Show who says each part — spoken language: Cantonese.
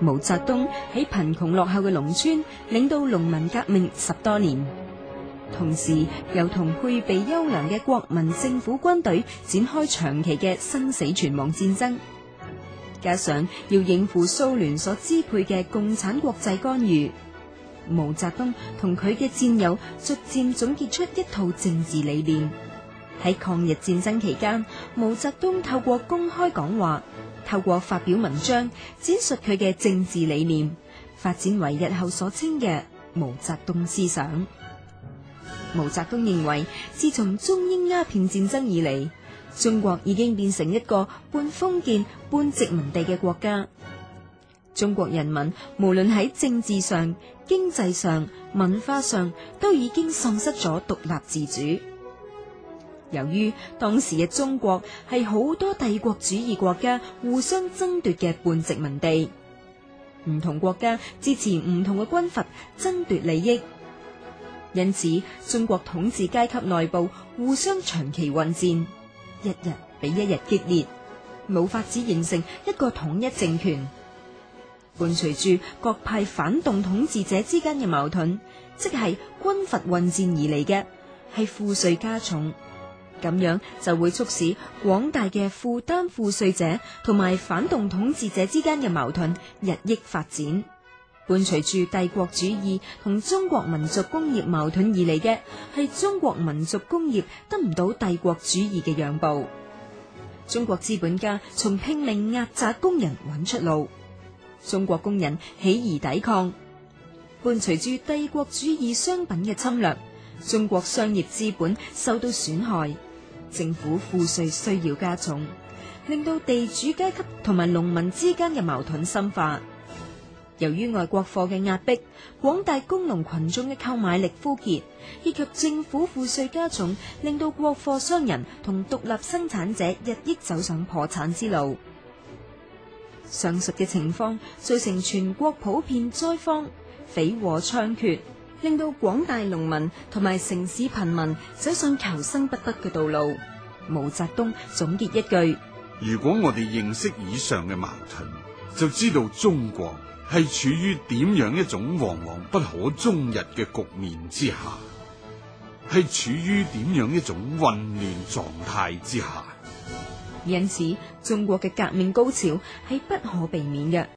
Speaker 1: 毛澤東喺貧窮落後嘅農村，領導農民革命十多年，同時又同配備優良嘅國民政府軍隊展開長期嘅生死存亡戰爭，加上要應付蘇聯所支配嘅共產國際干預，毛澤東同佢嘅戰友逐漸總結出一套政治理念。喺抗日戰爭期間，毛澤東透過公開講話，透過發表文章，展述佢嘅政治理念，發展為日後所稱嘅毛澤東思想。毛澤東認為，自從中英鴉片戰爭以嚟，中國已經變成一個半封建半殖民地嘅國家。中國人民無論喺政治上、經濟上、文化上，都已經喪失咗獨立自主。由於當時嘅中國係好多帝國主義國家互相爭奪嘅半殖民地，唔同國家支持唔同嘅軍閥爭奪利益，因此中國統治階級內部互相長期混戰，一日比一日激烈，冇法子形成一個統一政權。伴隨住各派反動統治者之間嘅矛盾，即係軍閥混戰而嚟嘅，係賦稅加重。咁樣就會促使廣大嘅負擔賦稅者同埋反動統治者之間嘅矛盾日益發展。伴隨住帝國主義同中國民族工業矛盾而嚟嘅，係中國民族工業得唔到帝國主義嘅讓步。中國資本家從拼命壓榨工人揾出路，中國工人起而抵抗。伴隨住帝國主義商品嘅侵略，中國商業資本受到損害。政府賦稅需要加重，令到地主階級同埋農民之間嘅矛盾深化。由於外國貨嘅壓迫，廣大工農群眾嘅購買力枯竭，以及政府賦稅加重，令到國貨商人同獨立生產者日益走上破產之路。上述嘅情況，造成全國普遍災荒、匪禍猖獗。令到廣大農民同埋城市貧民走上求生不得嘅道路。毛澤東總結一句：
Speaker 2: 如果我哋認識以上嘅矛盾，就知道中國係處於點樣一種惶惶不可終日嘅局面之下，係處於點樣一種混亂狀態之下。
Speaker 1: 因此，中國嘅革命高潮係不可避免嘅。